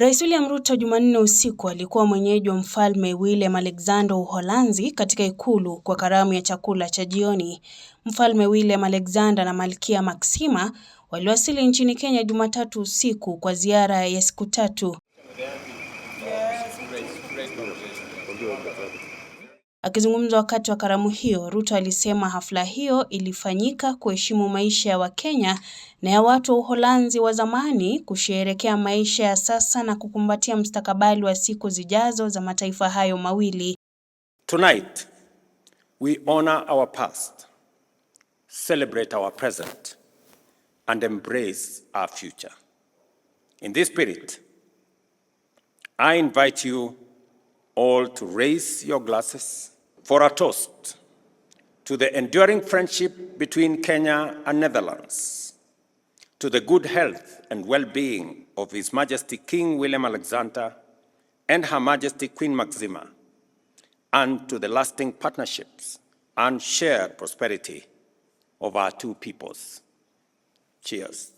Rais William Ruto Jumanne usiku alikuwa mwenyeji wa Mfalme William Alexander Uholanzi katika ikulu kwa karamu ya chakula cha jioni. Mfalme William Alexander na Malkia Maxima waliwasili nchini Kenya Jumatatu usiku kwa ziara ya siku tatu. Akizungumza wakati wa karamu hiyo, Ruto alisema hafla hiyo ilifanyika kuheshimu maisha ya Wakenya na ya watu wa Uholanzi wa zamani, kusherehekea maisha ya sasa na kukumbatia mustakabali wa siku zijazo za mataifa hayo mawili. Tonight we honor our past, celebrate our present and embrace our future. In this spirit, I invite you all to raise your glasses for a toast to the enduring friendship between Kenya and Netherlands, to the good health and well-being of His Majesty King William Alexander and Her Majesty Queen Maxima, and to the lasting partnerships and shared prosperity of our two peoples. Cheers.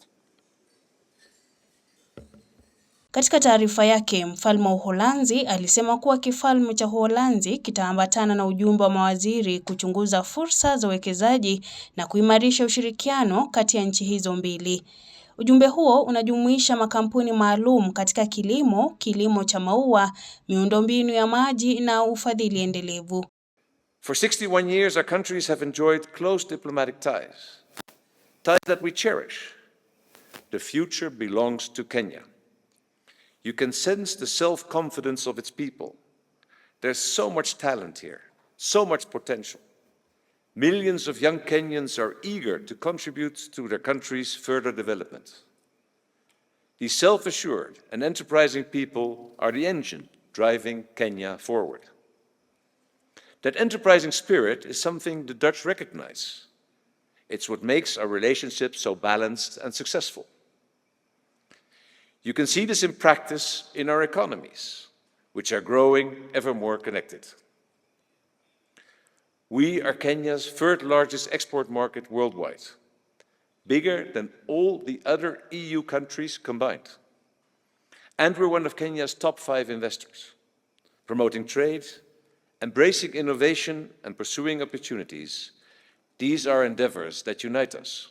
Katika taarifa yake, mfalme wa Uholanzi alisema kuwa kifalme cha Uholanzi kitaambatana na ujumbe wa mawaziri kuchunguza fursa za uwekezaji na kuimarisha ushirikiano kati ya nchi hizo mbili. Ujumbe huo unajumuisha makampuni maalum katika kilimo, kilimo cha maua, miundombinu ya maji na ufadhili endelevu. For 61 years our countries have enjoyed close diplomatic ties. Ties that we cherish. The future belongs to Kenya. You can sense the self-confidence of its people. There's so much talent here, so much potential. Millions of young Kenyans are eager to contribute to their country's further development. These self-assured and enterprising people are the engine driving Kenya forward. That enterprising spirit is something the Dutch recognize. It's what makes our relationship so balanced and successful. You can see this in practice in our economies, which are growing ever more connected. We are Kenya's third largest export market worldwide, bigger than all the other EU countries combined. And we're one of Kenya's top five investors, promoting trade, embracing innovation and pursuing opportunities. These are endeavors that unite us.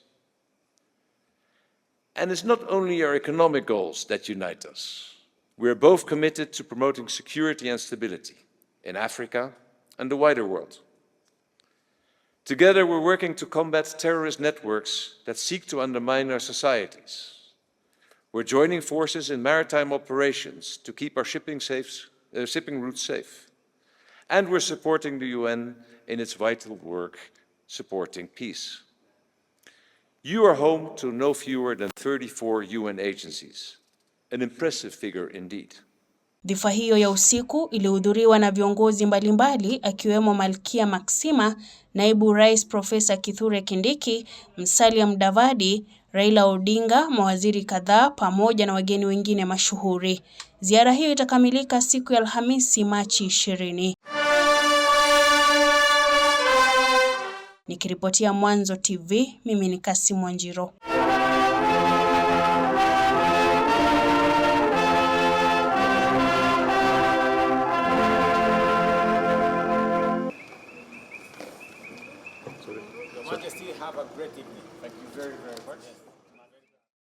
And it's not only our economic goals that unite us. We are both committed to promoting security and stability in Africa and the wider world. Together, we're working to combat terrorist networks that seek to undermine our societies. We're joining forces in maritime operations to keep our shipping, safes, uh, shipping routes safe. And we're supporting the UN in its vital work supporting peace. You are home to no fewer than 34 UN agencies. An impressive figure indeed. Dhifa hiyo ya usiku ilihudhuriwa na viongozi mbalimbali akiwemo Malkia Maxima, Naibu Rais Profesa Kithure Kindiki, Musalia Mudavadi, Raila Odinga, mawaziri kadhaa pamoja na wageni wengine mashuhuri. Ziara hiyo itakamilika siku ya Alhamisi Machi ishirini. Nikiripotia Mwanzo TV, mimi ni Kasimu Wanjiro. have a great evening. Thank you very, very much.